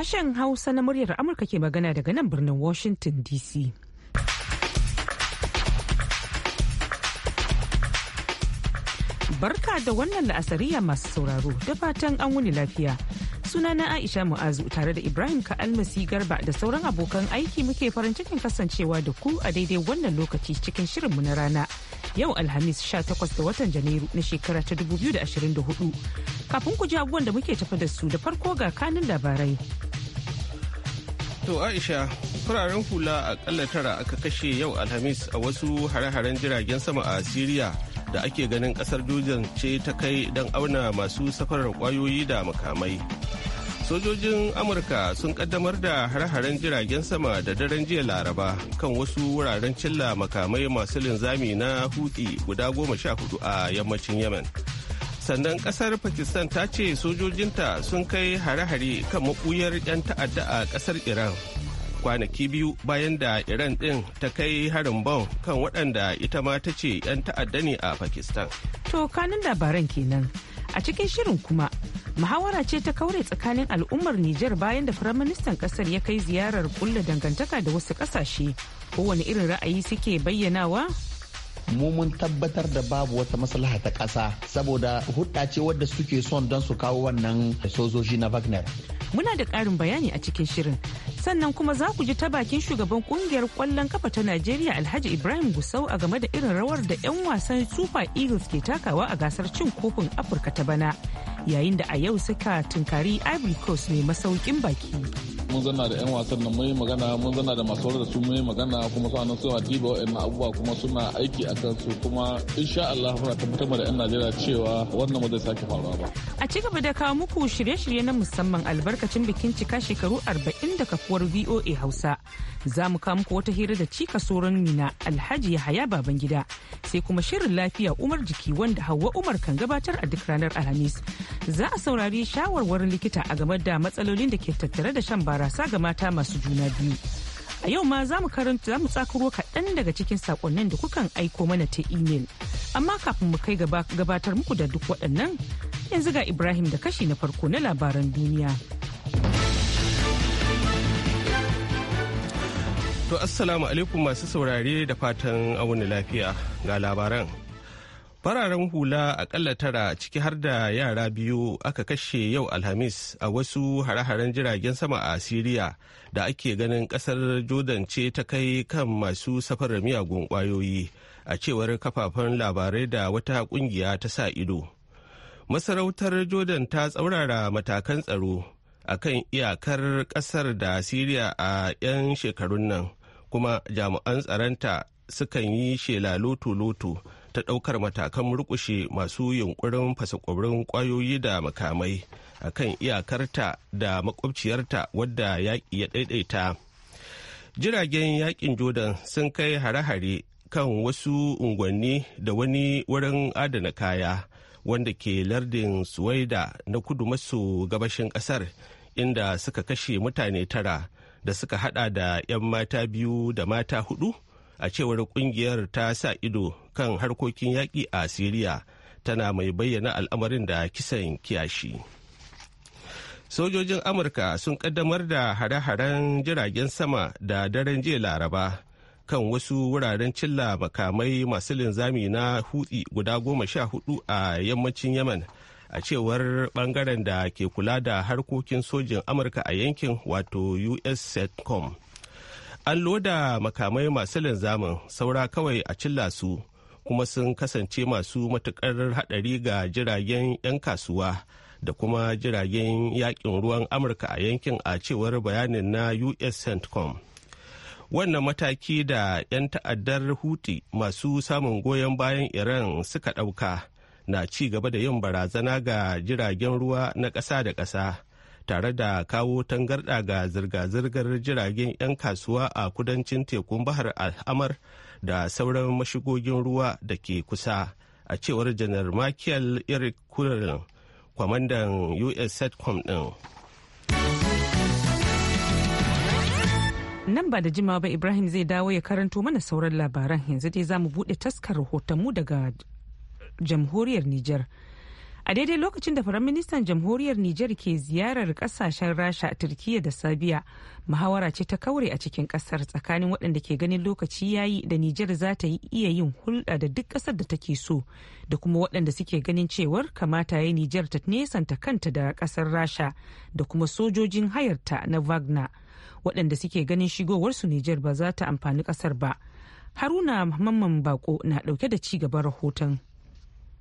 Sashen Hausa na muryar Amurka ke magana daga nan birnin Washington DC. Barka da wannan la'asariya masu sauraro da fatan an wuni lafiya. Sunana Aisha Mu'azu tare da Ibrahim Ka'almasi Garba da sauran abokan aiki muke farin cikin kasancewa da ku a daidai wannan lokaci cikin mu na rana. yau alhamis 18 da watan janairu na shekara ta 2024 kafin ku ji abubuwan da muke tafa da su da farko ga kanin labarai To Aisha, furaren hula akalla tara aka kashe yau Alhamis a wasu hare-haren jiragen sama a Siriya da ake ganin kasar Jordan ce ta kai don auna masu safarar kwayoyi da makamai. Sojojin Amurka sun kaddamar da hare-haren jiragen sama da daren jiya Laraba kan wasu wuraren cilla makamai masu linzami na hutsi guda goma sha hudu a yammacin Yemen. sannan kasar pakistan ta ce sojojinta sun kai hare-hare kan mabuyar 'yan ta'adda a kasar iran kwanaki biyu bayan da iran din ta kai harin bom kan waɗanda ita ma ta ce 'yan ta'adda ne a pakistan to kanin labaran kenan a cikin shirin kuma muhawara ce ta kaure tsakanin al'ummar Nijar bayan da firaministan kasar ya kai ziyarar kulla dangantaka da wasu kasashe kowane irin ra'ayi suke bayyanawa mu mun tabbatar da babu wata maslaha ta ƙasa saboda hudda ce wadda suke son don su kawo wannan sojoji na Wagner. Muna da ƙarin bayani a cikin shirin. Sannan kuma za ku ji ta bakin shugaban kungiyar ƙwallon kafa ta Najeriya Alhaji Ibrahim Gusau a game da irin rawar da 'yan wasan Super Eagles ke takawa a gasar cin kofin Afirka ta bana. Yayin da a yau suka tunkari Ivory Coast mai masaukin baki. mun zanna da 'yan wasan nan mai magana mun zanna da masu da su mai magana kuma su sa'annan suna diba wa'in abubuwa kuma suna aiki a kansu kuma insha Allah muna tabbatar da 'yan Najeriya cewa wannan ba zai sake faruwa ba. A ci gaba da kawo muku shirye-shirye na musamman albarkacin bikin cika shekaru arba'in da kafuwar VOA Hausa. Za mu kawo muku wata hira da cika soron Mina Alhaji Yahaya Babangida sai kuma shirin lafiya Umar jiki wanda Hauwa Umar kan gabatar a duk ranar Alhamis. Za a saurari shawarwarin likita a game da matsalolin da ke tattare da shan bara barasa ga mata masu juna biyu. A yau ma za mu karanta mu tsakuro kaɗan daga cikin saƙonnin da kukan aiko mana ta imel. Amma kafin mu kai gabatar muku da duk waɗannan yanzu ga Ibrahim da kashi na farko na labaran duniya. To Assalamu alaikum masu saurare da fatan auni lafiya ga labaran. fararen hula akalla tara ciki har da yara biyu aka kashe yau alhamis a wasu hare-haren jiragen sama a siriya da ake ganin kasar jordan ce ta kai kan masu safarar miyagun kwayoyi a cewar kafafen labarai da wata kungiya ta sa ido masarautar jordan ta tsaurara matakan tsaro a kan iyakar kasar da siriya a 'yan shekarun nan kuma jami'an tsaronta sukan yi shela loto-loto ta ɗaukar matakan murƙushe masu yunkurin fasakwabrin ƙwayoyi da makamai a kan iyakarta da makwabciyarta wadda yaƙi ya ɗaiɗaita. Jiragen yaƙin Jordan sun kai hare-hare kan wasu unguwanni da wani wurin adana kaya wanda ke lardin Suwaida na kudu maso gabashin ƙasar inda suka kashe mutane tara da suka hada da 'yan mata biyu da mata hudu. a cewar kungiyar ta sa ido kan harkokin yaƙi a siriya tana mai bayyana al'amarin da kisan kiyashi sojojin amurka sun kaddamar da hare-haren jiragen sama da daren jiya laraba kan wasu wuraren cilla makamai masu linzami na hutsi guda goma sha hudu a yammacin yaman a cewar bangaren da ke kula da harkokin sojin amurka a yankin wato us setcom an loda makamai masu linzamin saura kawai a cilla su kuma sun kasance masu matuƙar haɗari ga jiragen 'yan kasuwa da kuma jiragen yakin ruwan amurka a yankin a cewar bayanin na us centcom wannan mataki da 'yan ta'addar huti masu samun goyon bayan iran suka ɗauka na ci gaba da yin barazana ga jiragen ruwa na ƙasa da ƙasa tare da kawo tangarɗa ga zirga-zirgar jiragen 'yan kasuwa a kudancin tekun bahar al'amar da sauran mashigogin ruwa da ke kusa a cewar janar michael eric kullin kwamandan us setcom din nan ba da jimawa ba ibrahim zai dawo ya karanto mana sauran labaran yanzu dai za mu buɗe taskar rahotonmu daga jamhuriyar niger a daidai lokacin da firaministan jamhuriyar niger ke ziyarar kasashen rasha turkiya da sabiya muhawara ce ta kaure a cikin kasar tsakanin waɗanda ke ganin lokaci ya yi da niger za ta iya yin hulɗa da duk ƙasar da take so da kuma waɗanda suke ganin cewar kamata ya yi niger ta nesanta kanta da ƙasar rasha da kuma sojojin hayarta na wagner waɗanda suke ganin shigowarsu niger ba za ta amfani ƙasar ba haruna mamman bako na ɗauke da ci gaban rahoton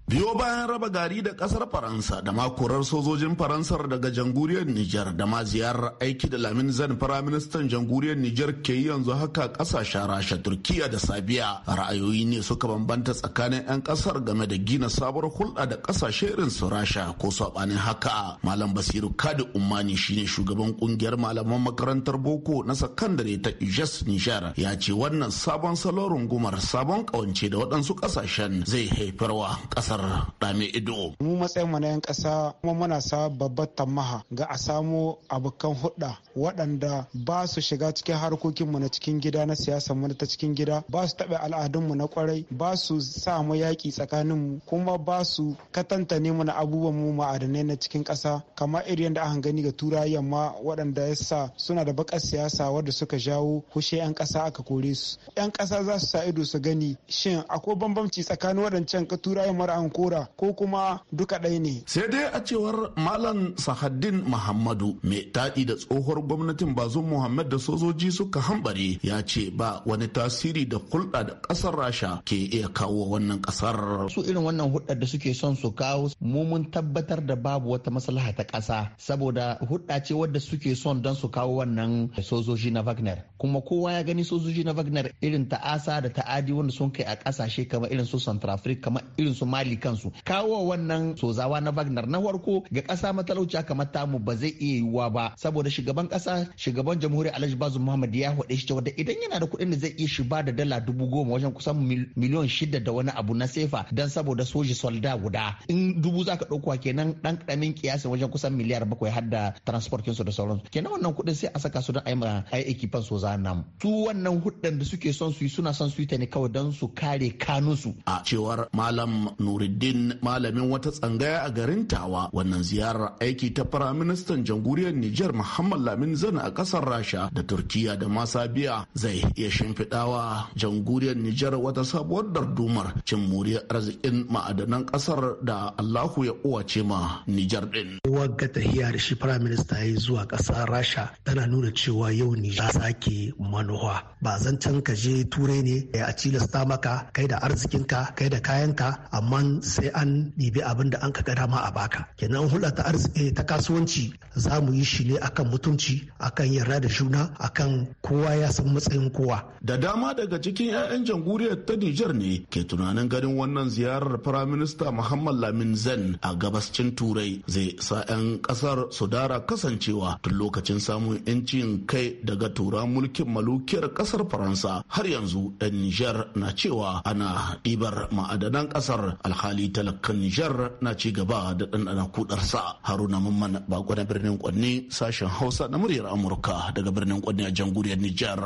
biyo bayan raba gari da kasar faransa da makorar sojojin faransar daga jamhuriyar niger da ma ziyarar aiki da lamin zan firaministan jamhuriyar niger ke yi yanzu haka kasashen rasha turkiya da sabiya ra'ayoyi ne suka bambanta tsakanin 'yan kasar game da gina sabuwar hulɗa da kasashe irin su rasha ko saɓanin haka malam basiru kadi umani shine shugaban kungiyar malaman makarantar boko na sakandare ta ijes niger ya ce wannan sabon salon rungumar sabon kawance da waɗansu kasashen zai haifarwa kasar Umar Dame Ido. Mu matsayin mu na 'yan ƙasa kuma muna sa babbar tamaha ga a samo abokan hudda waɗanda ba su shiga cikin harkokinmu na cikin gida na siyasa mu ta cikin gida ba su taɓa al'adunmu na kwarai ba su sa mu yaƙi tsakaninmu kuma ba su katantane mu na abubuwan mu ma'adanai na cikin ƙasa kamar irin da aka gani ga turai yamma waɗanda ya sa suna da bakar siyasa wadda suka jawo hushe 'yan ƙasa aka kore su 'yan ƙasa za su sa ido su gani shin akwai bambamci tsakanin waɗancan ka turai an kura ko kuma duka ɗaya ne. Sai dai a cewar Malam Sahaddin Muhammadu mai taɗi da tsohuwar gwamnatin bazon Muhammad da sojoji suka hambare ya ce ba wani tasiri da hulɗa da ƙasar Rasha ke iya kawo wannan ƙasar. Su irin wannan hulɗar da suke son su kawo mu mun tabbatar da babu wata maslaha ta ƙasa saboda hulɗa ce wadda suke son don su kawo wannan sojoji na Wagner. Kuma kowa ya gani sojoji na Wagner irin ta'asa da ta'adi wanda sun kai a ƙasashe kamar irin su Central Africa kamar irin su Mali kansu kawo wannan sozawa na Wagner na farko ga ƙasa matalauciya kamar mu ba zai iya yiwuwa ba saboda shugaban ƙasa shugaban jamhuriyar Alhaji Bazoum Muhammad ya faɗe shi cewa idan yana da kuɗin da zai iya shi ba da dala dubu goma wajen kusan miliyon shida da wani abu na sefa dan saboda soji solda guda in dubu zaka ɗauka kenan ɗan ƙaramin kiyasi wajen kusan miliyar bakwai har da transport kinsu da sauransu kenan wannan kuɗin sai a saka su don a yi ma ekipan soza nan. su wannan huddan da suke son su yi suna son su yi ta ne kawai don su kare kanunsu. a cewar malam nuri nuruddin malamin wata tsangaya a garin tawa wannan ziyarar aiki ta firaministan jamhuriyar nijar muhammad lamin zan a kasar rasha da turkiya da masabiya zai iya shimfiɗawa jamhuriyar nijar wata sabuwar dardumar cin muriyar arzikin ma'adanan kasar da allahu ya uwace ma nijar din wagga tahiya da shi firaminista ya zuwa kasar rasha tana nuna cewa yau ni za sake manuwa ba zancen ka je turai ne a cilasta maka kai da arzikinka kai da kayanka amma sai an ɗibi abin da an ka dama a baka kenan hulɗa ta arziki eh, ta kasuwanci za mu yi shi ne akan mutunci akan yarda da juna akan kowa ya san matsayin kowa da dama daga cikin 'ya'yan jamhuriyar ta Nijar ne ke tunanin ganin wannan ziyarar firaminista Muhammad Lamin Zen a gabascin Turai zai sa 'yan kasar su dara kasancewa tun lokacin samun 'yancin kai daga tura mulkin malukiyar kasar Faransa har yanzu 'yan Nijar na cewa ana ɗibar ma'adanan kasar hali talakan jar na ci gaba da ɗanɗana sa Haruna Mamman bako na birnin Kwanne sashen Hausa na muryar Amurka daga birnin Kwanne a jamhuriyar Nijar.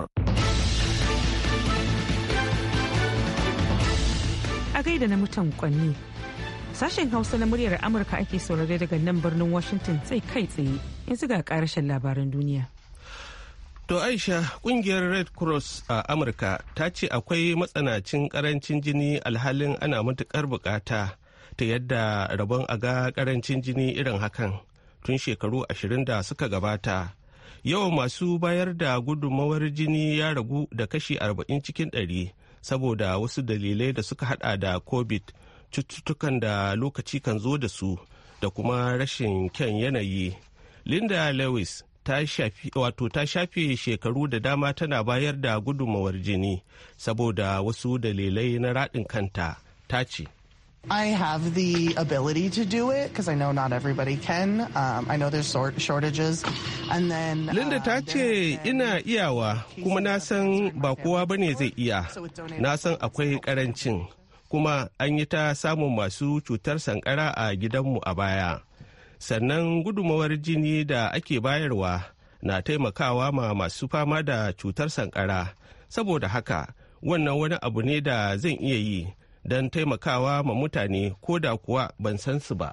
A gaida na mutan Kwanne Sashen Hausa na muryar Amurka ake saurare daga nan birnin Washington sai kai tsaye in ga karashen labaran duniya. To Aisha kungiyar Red Cross a Amurka ta ce akwai matsanancin karancin jini alhalin ana matukar bukata ta yadda rabon aga karancin jini irin hakan tun shekaru ashirin da suka gabata. Yawan masu bayar da gudunmawar jini ya ragu da kashi arba'in cikin ɗari saboda wasu dalilai da suka hada da COVID cututtukan da lokaci kan zo da su da kuma rashin kyan yanayi. Linda Lewis wato ta shafe shekaru da dama tana bayar da gudunmawar jini saboda wasu dalilai na raɗin kanta ta ce I have the ability to do it because I know not everybody can. Um, I know there's shortages. And then uh, Linda ta ce ina iyawa kuma na san ba kowa bane zai iya. Na san akwai karancin kuma an yi ta samun masu cutar sankara a gidanmu a baya. sannan gudumawar jini da ake bayarwa na taimakawa ma masu fama da cutar sankara saboda haka wannan wani abu ne da zan iya yi don taimakawa ma mutane ko da kuwa ban san su ba.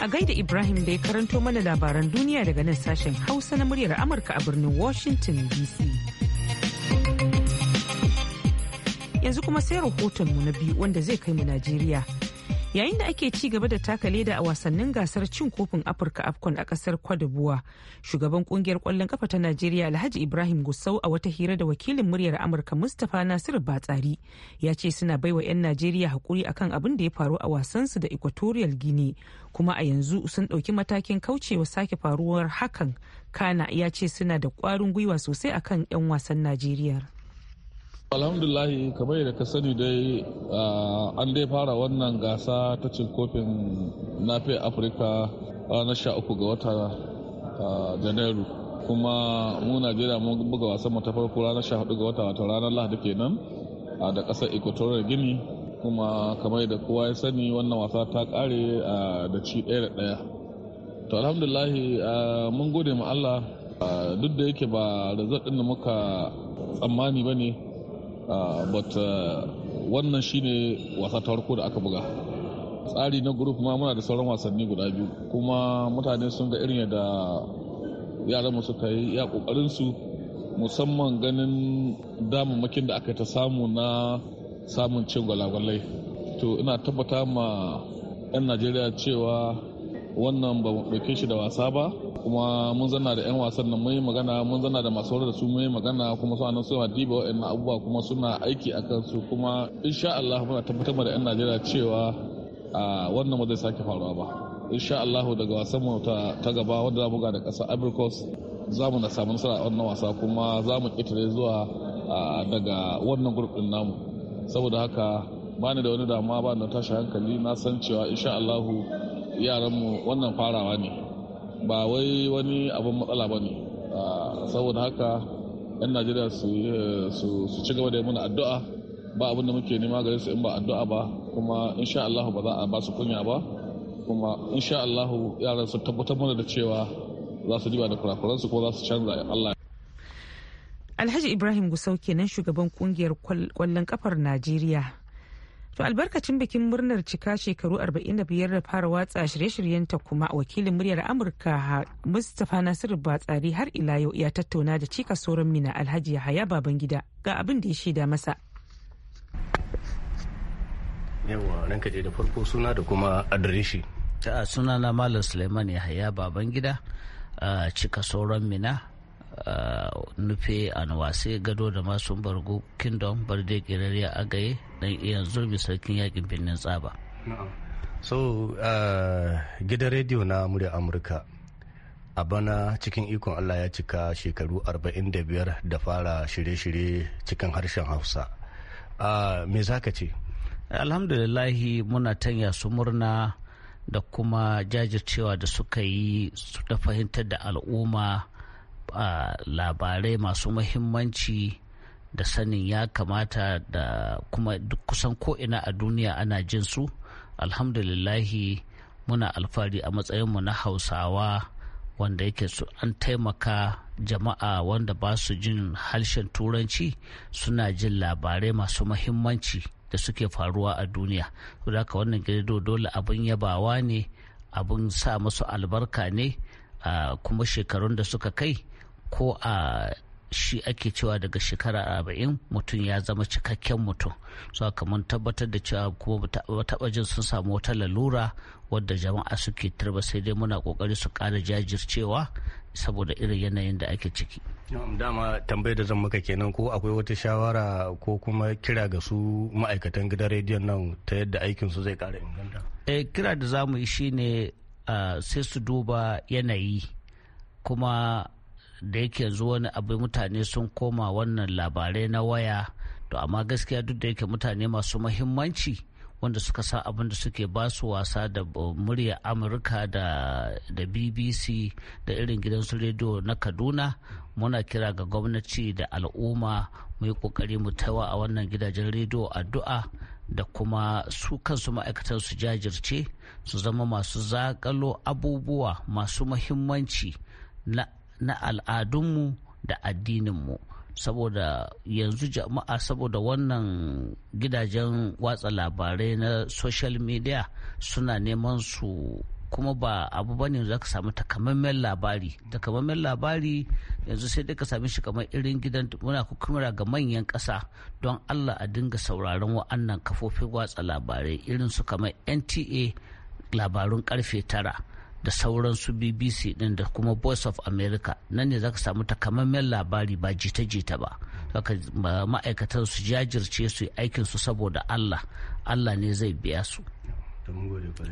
A gaida Ibrahim da ya karanto mana labaran duniya daga nan sashen Hausa na muryar Amurka a birnin Washington DC. yanzu kuma sai rahoton mu na biyu wanda zai kai mu najeriya yayin da ake ci gaba da taka leda a wasannin gasar cin kofin afirka afcon a kasar kwadabuwa shugaban kungiyar kwallon kafa ta najeriya alhaji ibrahim gusau a wata hira da wakilin muryar amurka mustapha nasir batsari ya ce suna baiwa 'yan najeriya hakuri akan abin da ya faru a wasan su da equatorial guinea kuma a yanzu sun ɗauki matakin kaucewa sake faruwar hakan kana ya ce suna da ƙwarin gwiwa sosai akan 'yan wasan najeriya alhamdulahi kamar yadda ka sani dai an dai fara wannan gasa ta cin kofin nafe afirka ranar sha uku ga wata janairu kuma mu najeriya mun buga wasan mu ta farko ranar sha hudu ga wata wata ranar lahadi kenan da kasar equatorial guinea kuma kamar yadda kowa ya sani wannan wasa ta kare da ci ɗaya da ɗaya to alhamdulahi mun gode ma allah duk da yake ba da zaɗin da muka tsammani ba ne Ah, but uh, wannan shine wasa ta farko da aka buga tsari na group ma muna da sauran wasanni guda biyu kuma mutane sun ga irin yadda yaran mu suka yi ya kokarin su musamman ganin damammakin da aka ta samu na samun cin gwalagwalai to ina tabbata ma 'yan najeriya cewa wannan ba mu ɗauke shi da wasa ba kuma mun zanna da 'yan wasan nan mun magana mun zanna da masu da su mun magana kuma su anan suna diba wa'annan abubuwa kuma suna aiki a kansu kuma insha Allah muna tabbatar da 'yan Najeriya cewa wannan ba zai sake faruwa ba insha Allah daga wasan mu ta gaba wanda za mu ga da ƙasar Abrikos za mu na samu nasara a wannan wasa kuma za mu ƙetare zuwa daga wannan gurbin namu saboda haka bani da wani damuwa ba na tashi hankali na san cewa insha Allahu yaranmu wannan farawa ne ba wai wani abin matsala ba ne saboda haka 'yan najeriya su ci gaba da mana addu'a ba abin da muke nema gare su in ba addu'a ba kuma insha Allahu ba za a ba su kunya ba kuma insha Allahu yaran su tabbatar mana da cewa za su jiba da kurakuransu ko za su canza Allah Alhaji Ibrahim Gusau kenan shugaban kungiyar kwallon kafar Najeriya To albarkacin bikin murnar cika shekaru 45 da fara watsa shirye-shiryenta kuma wakilin muryar Amurka Mustapha Nasiru Batsari har ila yau ya tattauna da cika soron mina Alhaji Yahaya Babangida ga abin da ya shaida masa. Yawa ranka da farko suna da kuma adireshi. Ta suna na Malam Suleiman Yahaya Babangida cika soron mina Uh, nufe anwase gado da masu bargo kingdom barde kirariya agaye dan iyan zurbi sarkin yakin birnin tsaba so uh, gidan rediyo na murya amurka a bana cikin ikon allah ya cika shekaru 45 da fara shirye-shirye cikin harshen hausa uh, me za ka ce alhamdulillahi muna tanya su murna da kuma jajircewa da suka yi da fahimtar da al'umma labarai masu mahimmanci da sanin ya kamata da kuma kusan ko'ina a duniya ana jin su alhamdulillahi muna alfari a matsayinmu na hausawa wanda yake su an taimaka jama'a wanda ba su jin harshen turanci suna jin labarai masu mahimmanci da suke faruwa a duniya da wannan gido dole abin yabawa ne abin sa masu albarka ne kuma shekarun da suka kai ko a shi ake cewa daga shekara arba'in mutum ya zama cikakken mutum so mun tabbatar da cewa kuma taɓa jin sun samu wata lalura wadda jama'a suke turba sai dai muna kokari su ƙara jajircewa saboda irin yanayin da ake ciki dama tambayar da zan maka kenan ko akwai wata shawara ko kuma kira ga su ma'aikatan gidan rediyon nan ta yadda aikinsu zai ƙara inganta eh, kira da za mu yi shine ah, sai su duba yanayi kuma da yake yanzu wani abu mutane sun koma wannan labarai na waya to amma gaskiya duk da yake mutane masu mahimmanci wanda suka sa abin da suke ba su wasa da murya amurka da bbc da irin gidan su rediyo na kaduna muna kira ga gwamnati da al'umma mu yi kokari mu tawa a wannan gidajen rediyo addu'a da kuma su kansu ma'aikatan su jajirce su zama masu zakalo abubuwa masu mahimmanci na na al'adunmu da addininmu saboda yanzu jama'a saboda wannan gidajen watsa labarai na social media suna neman su kuma ba abu bane za ka samu takamaimen labari takamaimen labari yanzu sai dai ka sami shi kamar irin gidan muna kamara ga manyan ƙasa don allah a dinga sauraron wa'annan kafofin watsa labarai irin su kamar nta labarun karfe tara da sauran su bbc din da kuma voice of america nan ne zaka samu takamaiman labari ba jita-jita ba zaka ma'aikatan su jajirce su aikin su saboda allah allah ne zai biya su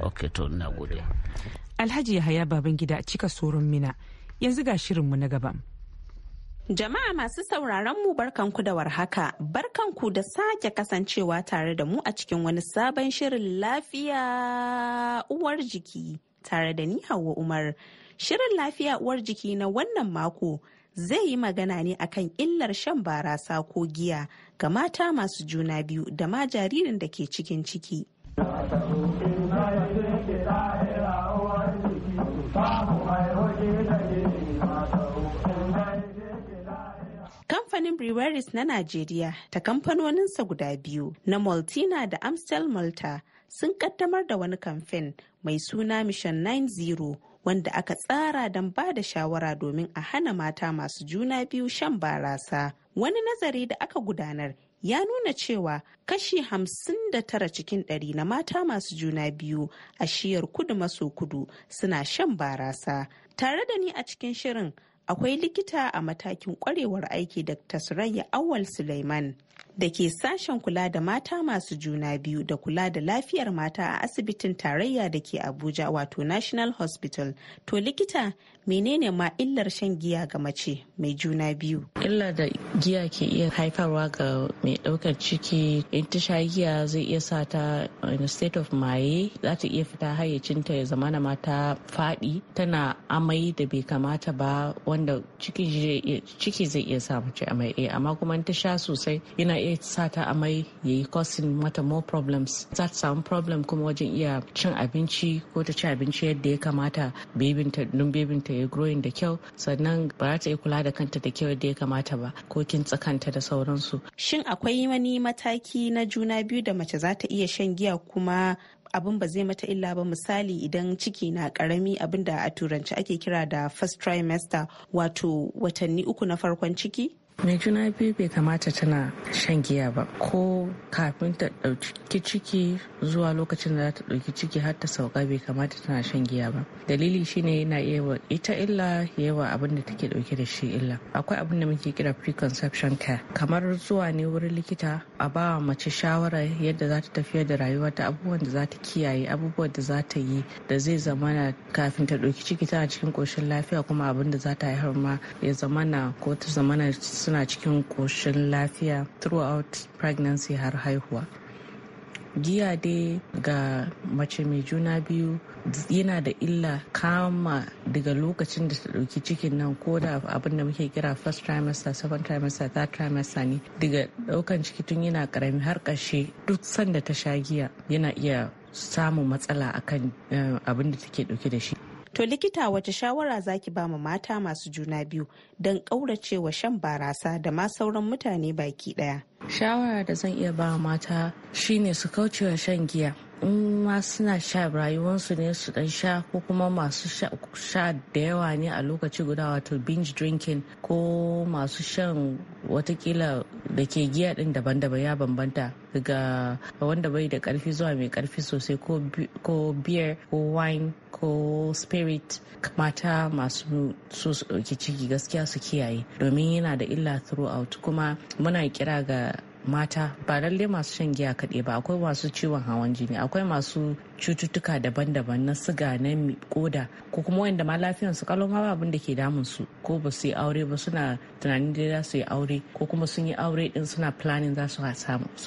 ok to na gode alhaji yahaya babangida cika soron mina yanzu ga shirin mu na gaba Jama'a masu sauraron mu barkanku da warhaka, barkanku da sake kasancewa tare da mu a cikin wani sabon shirin lafiya uwar jiki tare da ni Hauwa Umar. Shirin lafiya uwar jiki na wannan mako zai yi magana ne akan illar shan barasa ko giya ga mata masu juna biyu da ma jaririn da ke cikin ciki. kamfanin breweries na najeriya ta kamfanoninsa guda biyu na maltina da amstel malta sun kaddamar da wani kamfen mai suna mission 90 wanda aka tsara don ba da shawara domin a hana mata masu juna biyu shan barasa wani nazari da aka gudanar ya nuna cewa kashi hamsin da tara cikin ɗari na mata masu juna biyu a shiyar kudu maso kudu suna shan barasa tare da ni a cikin shirin akwai likita a matakin kwarewar aiki Dr. Surayya Awal Suleiman da ke sashen kula da mata masu juna biyu da kula da lafiyar mata a asibitin tarayya da ke abuja wato national hospital to likita menene ma illar shan giya ga mace mai juna biyu illa da giya ke iya haifarwa ga mai daukar ciki in ta sha giya zai iya sa ta in state of maye za ta iya fita hayyacinta ya zama na mata fadi tana amai da bai kamata ba wanda ciki zai iya sa mace amai eh, amma kuma in ta sha sosai yana iya sa ta amai ya yi causing mata more problems za ta samu problem kuma wajen iya cin abinci ko ta ci abinci yadda ya kamata bebinta don bebinta ya growing da kyau sannan ba za ta iya kula da kanta da kyau yadda ya kamata ba ko kin tsakanta da sauransu shin akwai wani mataki na juna biyu da mace za ta iya shan giya kuma abin ba zai mata illa ba misali idan ciki na karami abin da a turanci ake kira da first trimester wato watanni uku na farkon ciki mai juna biyu bai kamata tana shan giya ba ko kafin ta dauki ciki zuwa lokacin da za ta ɗauki ciki har ta sauka bai kamata tana shan giya ba dalili shine yana iya wa ita illa yawa abin da take ɗauki da shi illa akwai abin da muke kira preconception care kamar zuwa ne wurin likita a ba mace shawara yadda za ta tafiyar da rayuwa ta abubuwan da za ta kiyaye abubuwan da za ta yi da zai zamana kafin ta ɗauki ciki tana cikin koshin lafiya kuma abin da za ta haifar ma ya zamana ko ta zamana suna cikin koshin lafiya throughout pregnancy har haihuwa giya dai ga mace mai juna biyu yana da illa kama daga lokacin da ta dauki cikin nan ko da abin da muke kira first trimester second trimester third trimester ne daga daukan ciki tun yana karami har ƙarshe duk sanda ta sha giya yana iya samun matsala akan eh, abin da take dauke da shi To likita wace shawara zaki ba ma mata masu juna biyu don ƙauracewa shan barasa da ma sauran mutane baki ɗaya. Shawara da zan iya ba mata shine su kaucewa shan giya. in ma suna sha rayuwarsu ne su dan sha ko kuma masu sha da yawa ne a lokaci guda wato binge drinking ko masu shan watakila da ke giya din daban-daban ya bambanta daga wanda bai da karfi zuwa mai karfi sosai ko beer ko wine ko spirit mata masu so su ɗauki ciki gaskiya su kiyaye domin yana da illa throughout kuma muna kira ga mata ba lalle masu shan giya kaɗai ba akwai masu ciwon hawan jini akwai masu cututtuka daban-daban na siga na koda ko kuma wanda ma lafiyar su kalon ma abin da ke damun su ko ba su yi aure ba suna tunanin da za su yi aure ko kuma sun yi aure din suna planning za su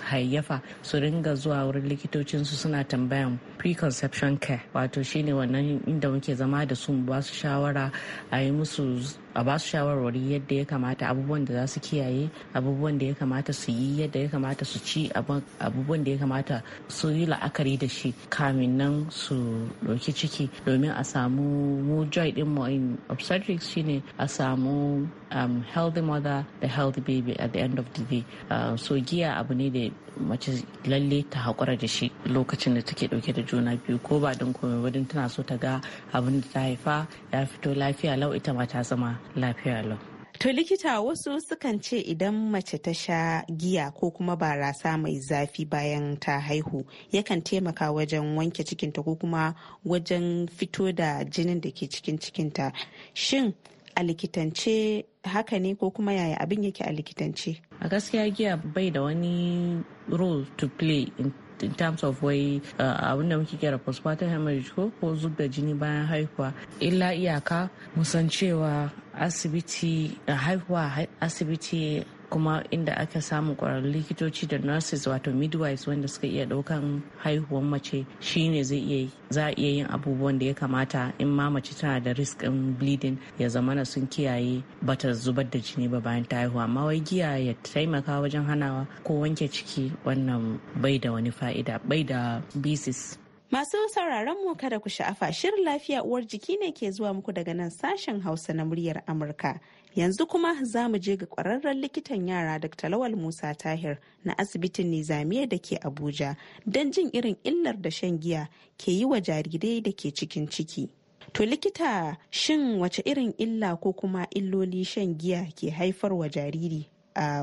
hayayyafa su ringa zuwa wurin likitocin su suna tambayan preconception care wato shine wannan inda muke zama da su ba su shawara a yi musu a ba su shawarwari yadda ya kamata abubuwan da za su kiyaye abubuwan da ya kamata su yi yadda ya kamata su ci abubuwan da ya kamata su yi la'akari da shi kamin kamin nan su ɗauki ciki domin a samu mu joy din mu in obstetrics shine a samu um, healthy mother da healthy baby at the end of the day uh, so giya abu ne da mace lalle ta haƙura da shi lokacin da take ɗauke da juna biyu ko ba don komai wadin tana so ta ga abin da ta haifa ya fito lafiya lau ita ma ta zama lafiya lau To likita wasu sukan ce idan mace ta sha giya ko kuma barasa mai zafi bayan ta haihu yakan taimaka wajen wanke cikinta ko kuma wajen fito da jinin da ke cikin cikinta. Shin a likitance haka ne ko kuma yaya abin yake a likitance? A gaskiya giya bai da wani role to play in in terms of wai uh, abin da muke kera postpartum hemorrhage ko ko zub da jini bayan haihuwa illa iyaka musan cewa asibiti haihuwa asibiti kuma inda aka samu kwararrun likitoci da nurses wato midwives wanda suka iya daukan haihuwar mace shine zai iya za a iya yin abubuwan da ya kamata in ma mace tana da risk in bleeding ya zama na sun kiyaye bata zubar da jini ba bayan ta haihuwa amma wai giya ya taimaka wajen hanawa ko wanke ciki wannan bai da wani fa'ida bai da bisis Masu sauraron mu kada ku sha'afa shirin lafiya uwar jiki ne ke zuwa muku daga nan sashen Hausa na muryar Amurka. Yanzu kuma za mu je ga ƙwararren likitan yara Dr. Lawal Musa Tahir na asibitin Nizamiya da ke Abuja don jin irin illar da shan giya ke yi wa jarirai da ke cikin ciki. To likita shin wace irin illa ko kuma illoli shan giya ke haifar wa jariri?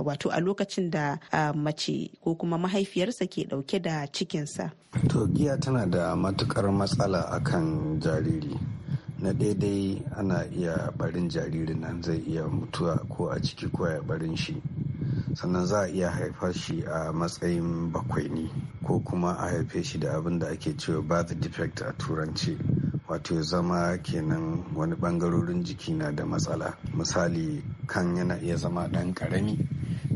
wato a lokacin da uh, mace ko kuma mahaifiyarsa ke dauke da cikinsa. To giya tana da matukar matsala akan jariri na daidai ana iya barin jaririn nan zai iya mutuwa ko a ciki ko ya barin shi sannan za a iya haifar shi a matsayin bakwai ne ko kuma a haife shi da abin da ake cewa birth defect a turanci wato ya zama kenan wani bangarorin jiki na da matsala misali kan yana iya zama dan karami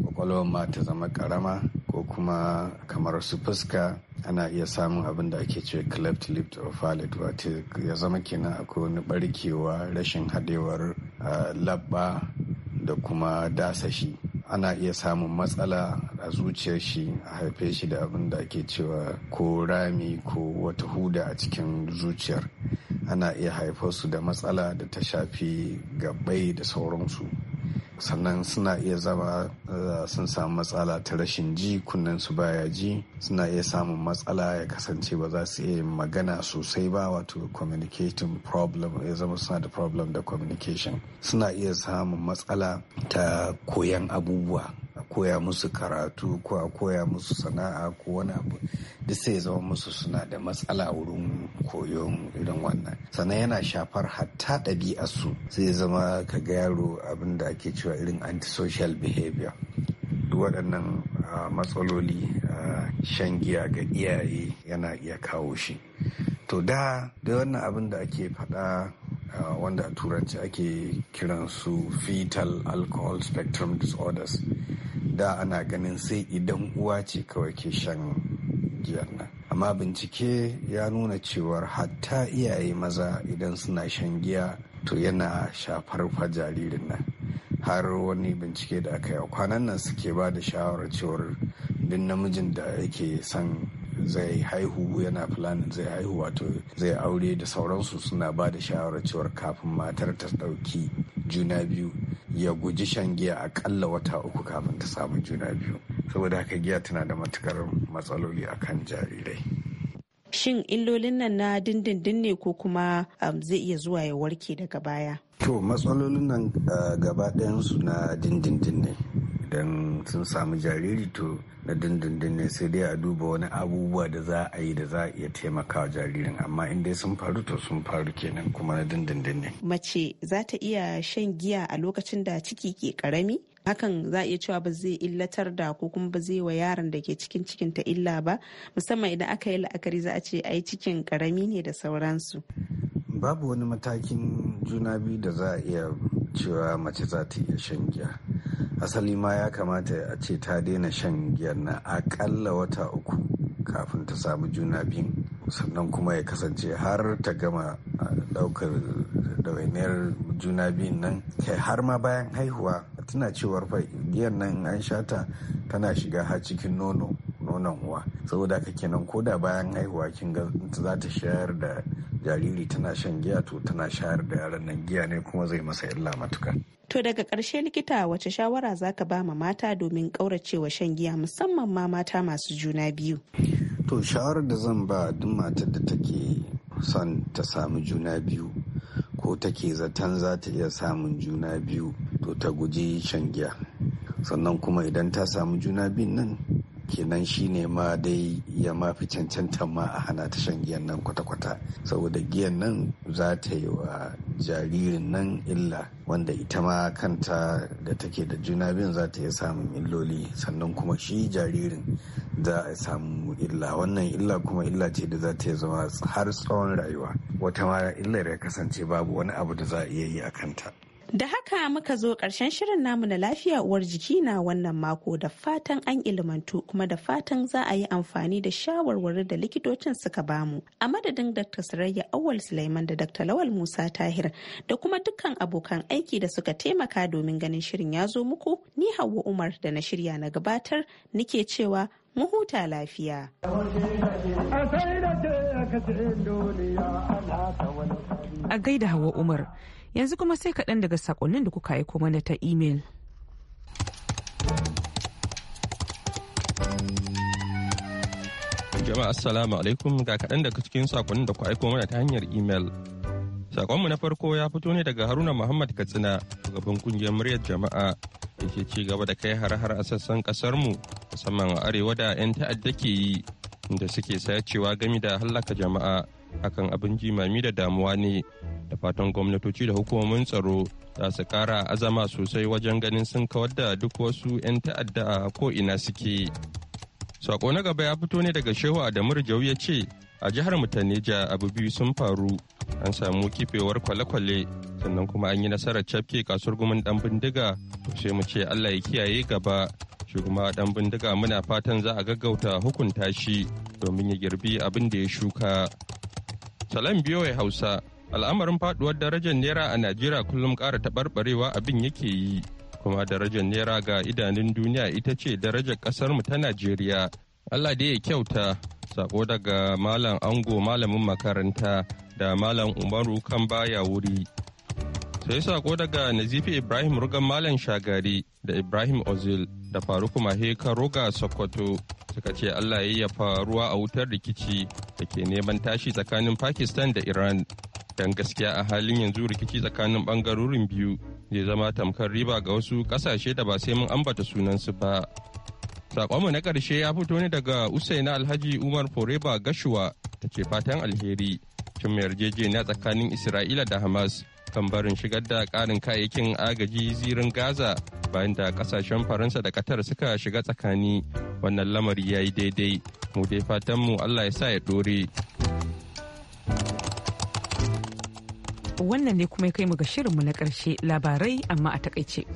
kwakwalwar ma ta zama karama ko kuma kamar su fuska ana iya samun abin da ake ce cleft lip of palate wato ya zama kenan akwai wani barkewa rashin hadewar labba da kuma dasa shi ana iya samun matsala a zuciyar shi a haife shi da abin da ake cewa ko rami ko wata huda a cikin zuciyar ana iya haifarsu da matsala da ta shafi gabai da sauransu sannan suna iya zama eh, sun samu matsala ta rashin ji kunnen su baya ji suna iya samun matsala ya kasance ba za su iya magana sosai ba wato communicating problem ya zama suna da problem da communication suna iya samun matsala ta koyan abubuwa koya musu karatu ko a koya musu sana'a ko wani abu duk sai zama musu suna da matsala wurin koyon irin wannan sannan yana shafar hatta su. sai zama ka ga yaro abin da ake cewa irin antisocial behavior duk waɗannan matsaloli shan giya ga iyaye yana iya kawo shi to da da wannan abin da ake faɗa wanda a turanci ake kiran su fetal alcohol spectrum disorders da ana ganin sai idan uwa ce kawai ke shan giyar nan amma bincike ya nuna cewar hatta iyaye maza idan suna shan giya to yana shafar fa jaririn nan har wani bincike da aka yi kwanan nan suke ba da shawarar cewar din namijin da yake son zai haihu yana planin zai haihu wato zai aure da sauransu suna ba da shawarar cewar kafin matar ta ɗauki juna biyu ya guji shan giya akalla wata uku kafin ta samu juna biyu saboda haka giya tana da matukar matsaloli a kan jarirai shin illolin nan na dindindin ne ko kuma um, zai iya zuwa ya warke daga baya to matsalolin nan uh, gaba su na dindindin ne idan sun samu jariri to na dindindin ne sai dai a duba wani abubuwa da za a yi da za a iya taimakawa jaririn amma in dai sun faru to sun faru kenan kuma na dindindin ne. Mace za ta iya shan giya a lokacin da ciki ke karami? hakan za a iya cewa ba zai illatar da ko kuma ba zai wa yaron da ke cikin cikin ta illa ba musamman idan aka yi la'akari za a ce ai cikin karami ne da sauransu babu wani matakin juna biyu da za a iya cewa mace za ta iya shan giya asali ma ya kamata a ce ta daina shan giyar na akalla wata uku kafin ta samu juna biyun sannan kuma ya kasance har ta gama daukar dawainiyar juna biyun nan kai har ma bayan haihuwa tana cewar fa giyar nan an shata tana shiga har cikin nono nonon uwa saboda kake kenan ko da bayan haihuwa kin ga za ta shayar da jariri tana shan giya to tana shayar da yaran nan giya ne kuma zai masa illa matuka. To daga ƙarshe likita wace shawara za ka ba ma mata domin ƙauracewa shan giya musamman ma mata masu juna biyu? To shawarar da zan ba duk matar da take son ta samu juna biyu ko take zaton za ta iya samun juna biyu to ta guji shan giya. Sannan kuma idan ta samu juna biyun nan kenan shi ne ma dai ya mafi cancanta ma a hana ta shan giyan nan kwata-kwata saboda giyan nan za ta yi wa jaririn nan illa wanda ita ma kanta da take da juna biyun za ta iya samun illoli sannan kuma shi jaririn za a samu illa wannan illa kuma illa ce da za ta zama har tsawon rayuwa wata ma illar ya kasance babu wani abu da za a iya yi a kanta Da haka muka zo ƙarshen shirin namu na lafiya uwar jiki na wannan mako da fatan an ilmantu kuma da fatan za a yi amfani da shawarwarin da likitocin suka bamu. A madadin Dr. Sarayya Awal Sulaiman da Dr. Lawal Musa Tahir da kuma dukkan abokan aiki da suka taimaka domin ganin shirin ya zo muku ni Hauwa Umar da na shirya na gabatar nike cewa mu huta lafiya. A gaida Hauwa Umar. yanzu kuma sai kaɗan daga sakonnin da kuka aiko mana ta imel. jama'a assalamu alaikum ga kaɗan daga cikin sakonnin da ku aiko mana ta hanyar imel. Sakonmu na farko ya fito ne daga Haruna Muhammad Katsina, shugaban kungiyar muryar jama'a da ke ci gaba da kai har-har a sassan kasarmu musamman a arewa da 'yan ta'adda ke yi da suke cewa gami da hallaka jama'a akan abin jimami da damuwa ne da fatan gwamnatoci da hukumomin tsaro za su kara azama sosai wajen ganin sun kawar da duk wasu 'yan ta'adda a ko'ina suke sako na gaba ya fito ne daga shehu adamu jau ya ce a jihar mutaneja abu biyu sun faru an samu kifewar kwale-kwale sannan kuma an yi nasarar cafke kasuwar gumin dan bindiga sai mu ce allah ya kiyaye gaba shi kuma dan bindiga muna fatan za a gaggauta hukunta shi domin ya girbi abin da ya shuka Salam ya Hausa, al'amarin faduwar darajar Naira a Najeriya kullum ƙara taɓarɓarewa abin yake yi, kuma darajar Naira ga idanun duniya ita ce darajar ƙasarmu ta Najeriya. Allah da ya kyauta, sako daga Malam Ango Malamin makaranta da Malam Umaru kan baya wuri. sai sako daga nazifi ibrahim rugan malam shagari da ibrahim ozil da faruku mahe roga sokoto suka ce allah ya faruwa a wutar rikici da ke neman tashi tsakanin pakistan da iran don gaskiya a halin yanzu rikici tsakanin bangarorin biyu zai zama tamkar riba ga wasu kasashe da ba sai mun ambata sunansu ba sakonmu na karshe ya fito ne daga usaina alhaji umar foreba gashuwa da ke fatan alheri cin yarjejeniya tsakanin isra'ila da hamas kan barin shigar da karin kayayyakin agaji zirin Gaza bayan da kasashen Faransa da Qatar suka shiga tsakani wannan lamari ya yi daidai mu dai mu Allah ya sa ya ɗore. Wannan ne kuma ya kai mu ga mu na karshe labarai amma a takaice.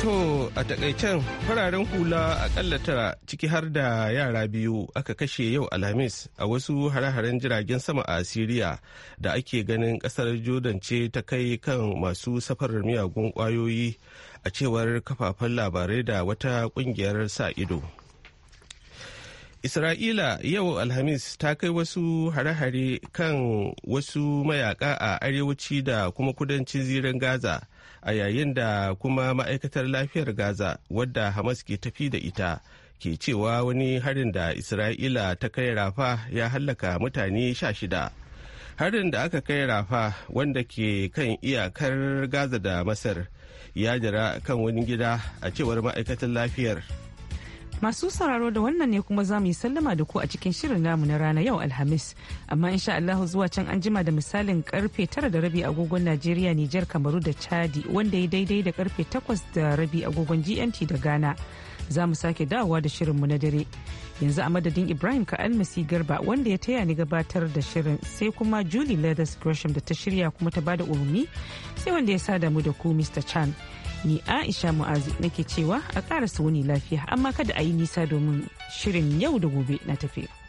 To a takaicen fararen hula akalla tara ciki har da yara biyu aka kashe yau Alhamis a wasu hare-haren jiragen sama a Siriya da ake ganin kasar Jordan ce ta kai kan masu safarar miyagun kwayoyi a cewar kafafen labarai da wata kungiyar sa ido. Isra'ila yau Alhamis ta kai wasu hare-hare kan wasu mayaka a arewaci da kuma kudancin ziren Gaza a yayin da kuma ma'aikatar lafiyar Gaza wadda Hamas ke tafi da ita ke cewa wani harin da Isra'ila ta kai rafa ya hallaka mutane sha shida. Harin da aka kai rafa wanda ke kan iyakar Gaza da Masar ya jira kan wani gida a cewar ma'aikatar lafiyar. Masu sauraro da wannan ne kuma za mu yi sallama da ku a cikin shirin namu na rana yau Alhamis. Amma insha Allahu zuwa can an jima da misalin karfe tara da rabi agogon Najeriya, Nijar, Kamaru da Chadi wanda ya daidai da karfe takwas da rabi agogon GMT da Ghana. Za mu sake dawowa da shirin mu na dare. Yanzu a madadin Ibrahim ka almasi garba wanda ya taya ni gabatar da shirin sai kuma Julie Leathers Gresham da ta shirya kuma ta bada umarni sai wanda ya sa mu da ku Mr. Chan. ni aisha mu'azu nake cewa a ƙara wuni lafiya amma kada a yi nisa domin shirin yau da gobe na tafiya.